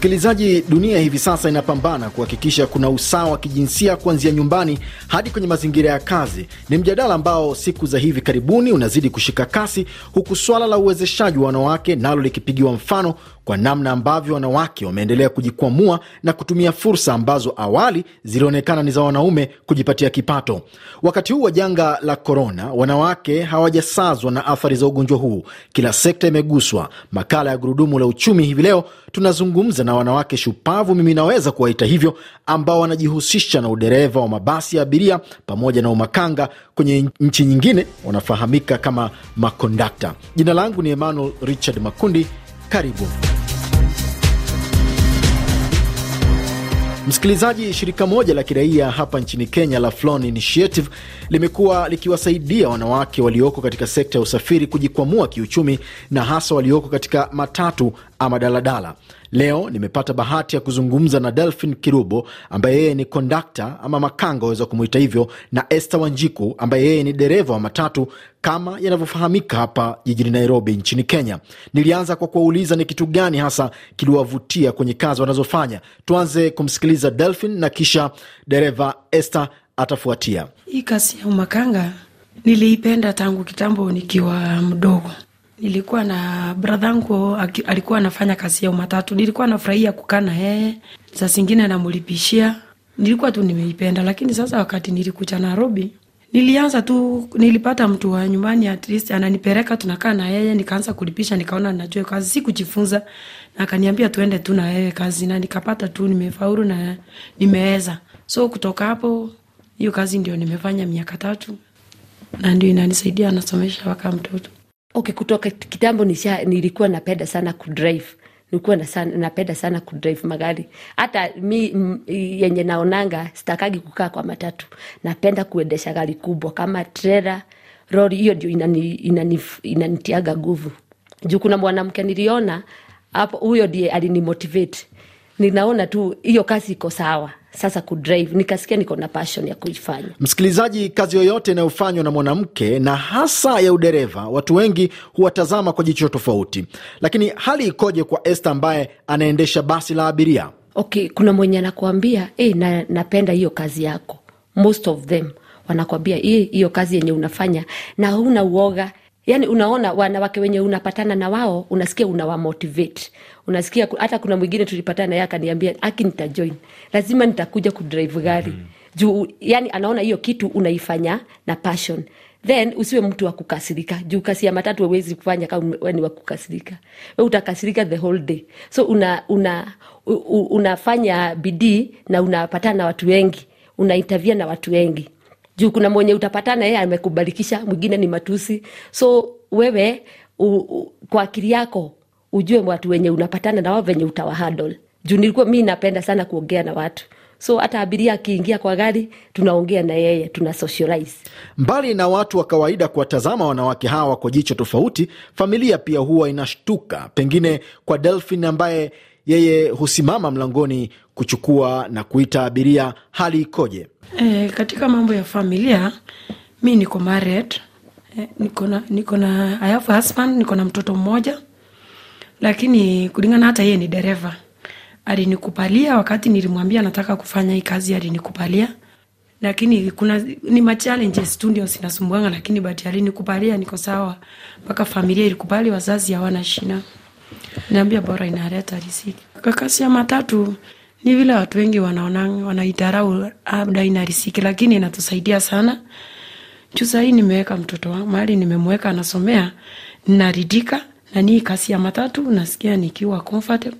Msikilizaji, dunia hivi sasa inapambana kuhakikisha kuna usawa wa kijinsia kuanzia nyumbani hadi kwenye mazingira ya kazi. Ni mjadala ambao siku za hivi karibuni unazidi kushika kasi, huku swala la uwezeshaji wa wanawake nalo likipigiwa mfano kwa namna ambavyo wanawake wameendelea kujikwamua na kutumia fursa ambazo awali zilionekana ni za wanaume kujipatia kipato. Wakati huu wa janga la korona, wanawake hawajasazwa na athari za ugonjwa huu. Kila sekta imeguswa. Makala ya Gurudumu la Uchumi hivi leo tunazungumza na wanawake shupavu, mimi naweza kuwaita hivyo, ambao wanajihusisha na udereva wa mabasi ya abiria pamoja na umakanga. Kwenye nchi nyingine wanafahamika kama makondakta. Jina langu ni Emmanuel Richard Makundi, karibu Msikilizaji, shirika moja la kiraia hapa nchini Kenya la Flon Initiative limekuwa likiwasaidia wanawake walioko katika sekta ya usafiri kujikwamua kiuchumi na hasa walioko katika matatu ama daladala. Leo nimepata bahati ya kuzungumza na Delphin Kirubo ambaye yeye ni kondakta ama makanga waweza kumwita hivyo, na Esther Wanjiku ambaye yeye ni dereva wa matatu kama yanavyofahamika hapa jijini Nairobi nchini Kenya. Nilianza kwa kuwauliza ni kitu gani hasa kiliwavutia kwenye kazi wanazofanya. Tuanze kumsikiliza Delphin na kisha dereva Esther atafuatia. Hii kazi ya umakanga niliipenda tangu kitambo nikiwa mdogo Nilikuwa na bradhangu alikuwa anafanya kazi ya umatatu, nilikuwa nafurahia kukaa na yeye, saa zingine namlipishia, nilikuwa tu nimeipenda. Lakini sasa wakati nilikuja Nairobi, nilianza tu, nilipata mtu wa nyumbani at least ananipeleka, tunakaa na yeye, nikaanza kulipisha, nikaona najua kazi, si kujifunza, na akaniambia tuende tu na yeye kazi, na nikapata tu, nimefaulu na nimeweza. So kutoka hapo, hiyo kazi ndio nimefanya miaka tatu, na ndio inanisaidia, anasomesha waka mtoto okay, kutoka kitambo nisha, nilikuwa napenda sana kudrive nilikuwa napenda sana kudrive magari. Hata mi yenye naonanga sitakagi kukaa kwa matatu, napenda kuendesha gari kubwa kama trela, lori. Hiyo ndio inani, inani, inanitiaga nguvu juu. Kuna mwanamke niliona hapo, huyo ndiye alinimotivate ninaona tu hiyo kazi iko sawa sasa kudrive, nikasikia niko na passion ya kuifanya. Msikilizaji, kazi yoyote inayofanywa na mwanamke na hasa ya udereva, watu wengi huwatazama kwa jicho tofauti, lakini hali ikoje kwa est ambaye anaendesha basi la abiria? Okay, kuna mwenye anakuambia hey, eh, na, napenda hiyo kazi yako. Most of them wanakwambia eh, hiyo kazi yenye unafanya na huna uoga Yani unaona wanawake wenye unapatana na wao, unasikia unawamotivate, unasikia hata kuna mwingine tulipatana yeye akaniambia, aki nitajoin, lazima nitakuja kudrive gari mm. hmm juu yani anaona hiyo kitu unaifanya na passion then usiwe mtu wa kukasirika juu kasi ya matatu wewezi kufanya kama ni wa kukasirika we utakasirika the whole day so una, una, u, u, unafanya bidii na unapatana na watu wengi unaintavia na watu wengi juu kuna mwenye utapatana yeye amekubarikisha mwingine ni matusi so wewe u, u, kwa akili yako ujue watu wenye unapatana na wao venye utawahandle juu nilikuwa mi napenda sana kuongea na watu so hata abiria akiingia kwa gari tunaongea na yeye tuna socialize. Mbali na watu wa kawaida kuwatazama wanawake hawa kwa jicho tofauti, familia pia huwa inashtuka, pengine kwa Delphine ambaye yeye husimama mlangoni kuchukua na kuita abiria. Hali ikoje? E, katika mambo ya familia, mi niko married, e, niko na niko na I have husband, niko na mtoto mmoja, lakini kulingana hata yeye ni dereva alinikupalia wakati nilimwambia nataka kufanya hii kazi, alinikupalia lakini kuna ni machallenges tu ndio zinasumbuanga, lakini bati alinikupalia, niko sawa. Mpaka familia ilikubali, wazazi hawana shida. Niambia bora inareta risiki kwa kasi ya matatu ni vile watu wengi wanaona wanaitarau labda ina riziki, lakini inatusaidia sana juu sahii nimeweka mtoto wangu mahali nimemweka anasomea, naridika na nii kasi ya matatu nasikia nikiwa comfortable.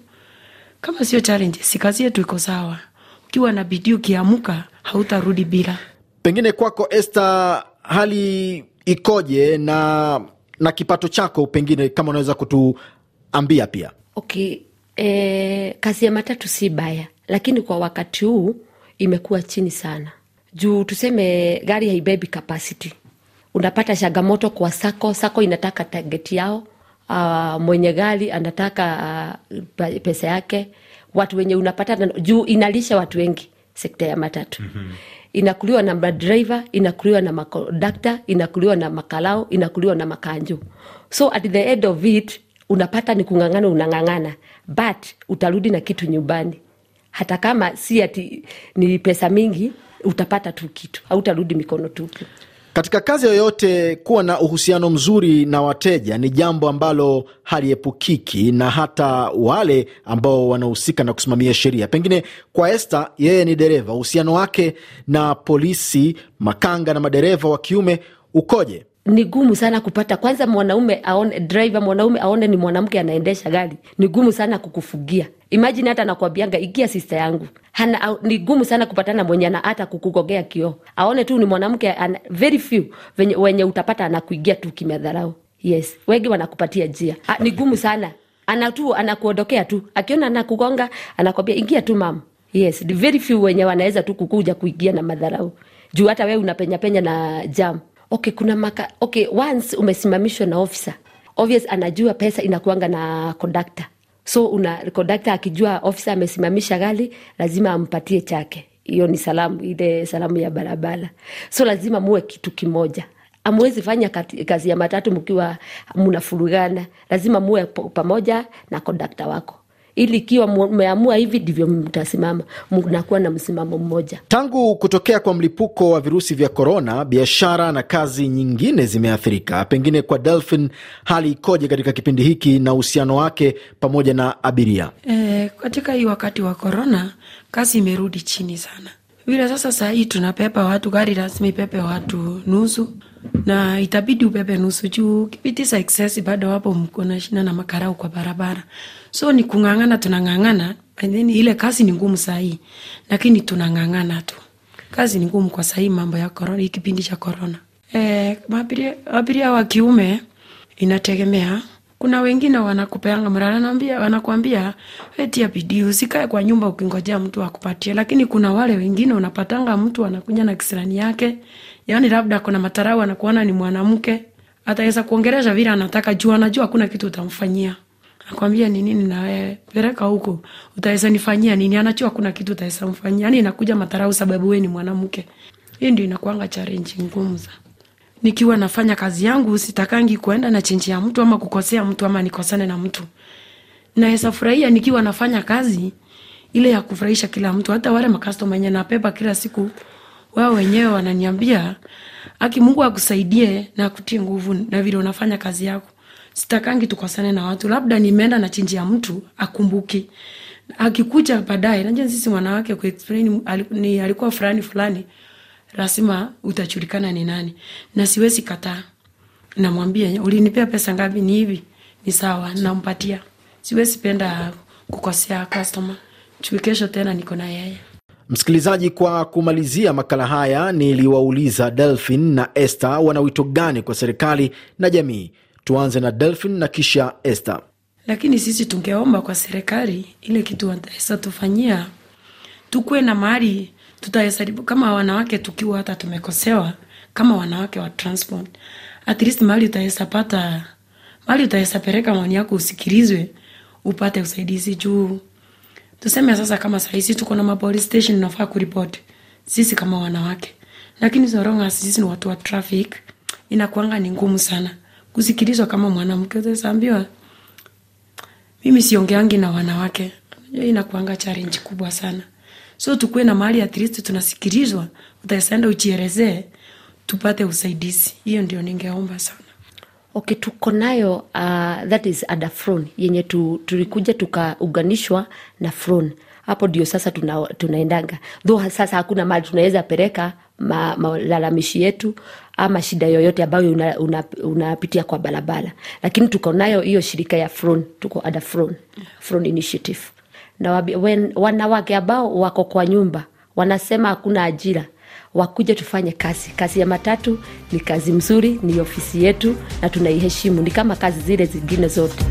Kama sio challenge, si kazi yetu iko sawa. Ukiwa na bidii, ukiamuka hautarudi bila. Pengine kwako Esther, hali ikoje na na kipato chako, pengine kama unaweza kutu ambia pia okay. E, kazi ya matatu si baya, lakini kwa wakati huu imekuwa chini sana juu tuseme gari haibebi capacity. Unapata changamoto kwa sako sako, inataka target yao. Uh, mwenye gari anataka uh, pesa yake. Watu wenye unapata juu inalisha watu wengi sekta ya matatu mm -hmm. Inakuliwa na madriver, inakuliwa na makondakta, inakuliwa na makalao, inakuliwa na makanju, so at the end of it unapata ni kung'ang'ana, unang'ang'ana but utarudi na kitu nyumbani, hata kama si ati ni pesa mingi, utapata tu kitu, hautarudi mikono tupu. Katika kazi yoyote, kuwa na uhusiano mzuri na wateja ni jambo ambalo haliepukiki na hata wale ambao wanahusika na kusimamia sheria. Pengine kwa Esther, yeye ni dereva, uhusiano wake na polisi, makanga na madereva wa kiume ukoje? ni gumu sana kupata. Kwanza mwanaume aone driver, mwanaume aone ni mwanamke anaendesha gari, ni gumu sana kukufugia. Imagine hata nakwambianga ikia sister yangu hana, au, ni gumu sana kupatana mwenye na hata kukugogea kioo, aone tu ni mwanamke. ana, Very few venye, wenye utapata anakuigia tu kimedharau. Yes, wengi wanakupatia jia. A, ah, ni gumu sana ana tu anakuondokea tu, akiona anakugonga anakwambia ingia tu mama. Yes, very few wenye wanaweza tu kukuja kuigia na madharau juu hata wewe unapenyapenya na jamu okay, kuna maka, okay, once umesimamishwa na ofisa obvious anajua pesa inakuanga na kondakta so una kondakta akijua ofisa amesimamisha gari lazima ampatie chake hiyo ni salamu ile salamu ya barabara so lazima muwe kitu kimoja amwezi fanya kazi ya matatu mkiwa mnafurugana lazima muwe pamoja na kondakta wako ili ikiwa mmeamua hivi ndivyo mtasimama, mnakuwa na msimamo mmoja. Tangu kutokea kwa mlipuko wa virusi vya korona, biashara na kazi nyingine zimeathirika. Pengine kwa Delphin, hali ikoje katika kipindi hiki na uhusiano wake pamoja na abiria? E, katika hii wakati wa korona kazi imerudi chini sana vile sasa, saa hii tunapepa watu, gari lazima ipepe watu nusu na itabidi upepe nusu juu kipiti sa eksesi, bado wapo mko na shina na makarau kwa barabara So ni kung'ang'ana, tunang'ang'ana and ile kazi ni ngumu sahii, lakini tunang'ang'ana tu. Kazi ni ngumu kwa sahii, mambo ya korona, hii kipindi cha korona. E, eh, abiria wa kiume inategemea kuna wengine wanakupeanga mrara, nambia wanakwambia etia bidii, usikae kwa nyumba ukingojea mtu akupatie. Lakini kuna wale wengine unapatanga mtu anakuja na kisirani yake, yani labda kuna matarau, anakuona ni mwanamke, ataweza kuongeresha vile anataka juu anajua hakuna kitu utamfanyia nakwambia ni nini na wewe peleka huko, utaweza nifanyia nini? anachua kuna kitu utaweza mfanyia, yani inakuja madharau sababu we ni mwanamke. Hii ndio inakuanga challenge ngumu za Nikiwa nafanya kazi yangu sitakangi kuenda na chenji ya mtu ama kukosea mtu ama nikosane na mtu. Naweza furahia nikiwa nafanya kazi ile ya kufurahisha kila mtu, hata wale makastoma enye napepa kila siku, wao wenyewe wananiambia, aki Mungu akusaidie na akutie nguvu na vile unafanya kazi yako sitakangi tukosane na watu, labda nimeenda na chinji ya mtu akumbuki, akikuja baadaye. Najua sisi wanawake kuexplain ni alikuwa fulani fulani, lazima utachulikana ni nani, na siwezi kataa. Namwambia ulinipea pesa ngapi? Ni hivi, ni sawa, nampatia. Siwezi penda kukosea customer juu tena niko na yeye. Msikilizaji, kwa kumalizia makala haya, niliwauliza Delphin na este wana wito gani kwa serikali na jamii Tuanze na Delphin na kisha Esther. Lakini sisi tungeomba kwa serikali ile kitu wataweza tufanyia, tukuwe na mahali tutaweza kama wanawake, tukiwa hata tumekosewa kama wanawake wa transport, at least mahali utaweza pata, mahali utaweza pereka maoni yako usikilizwe, upate usaidizi juu tuseme sasa, kama sahizi tuko na mapolice station, unafaa kuripot sisi kama wanawake, lakini zoronga sisi ni watu wa traffic, inakuanga ni ngumu sana kusikilizwa kama mwanamke utaambiwa mimi siongeangi na wanawake hiyo inakuanga challenge kubwa sana so tukuwe na mahali at least tunasikilizwa utaenda ujielezee tupate usaidizi hiyo ndio ningeomba sana Okay, tuko nayo uh, that is ada fron yenye tu, tulikuja tukaunganishwa na fron hapo ndio sasa tuna, tunaendanga though sasa hakuna mali tunaweza pereka ma, malalamishi yetu ama shida yoyote ambayo unapitia una, una, kwa barabara lakini tuko nayo hiyo shirika ya fron tuko ada fron fron initiative na when, wanawake ambao wako kwa nyumba wanasema hakuna ajira wakuja tufanye kazi. Kazi ya matatu ni kazi mzuri, ni ofisi yetu na tunaiheshimu, ni kama kazi zile zingine zote.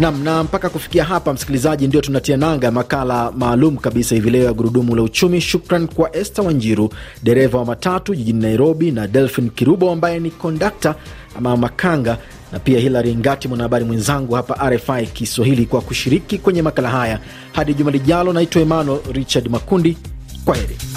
Nam na mpaka kufikia hapa, msikilizaji, ndio tunatia nanga ya makala maalum kabisa hivi leo ya gurudumu la uchumi. Shukran kwa Esther Wanjiru, dereva wa matatu jijini Nairobi, na Delphin Kirubo ambaye ni kondakta ama makanga, na pia Hilary Ngati, mwanahabari mwenzangu hapa RFI Kiswahili, kwa kushiriki kwenye makala haya. Hadi juma lijalo, naitwa Emmanuel Richard Makundi. Kwa heri.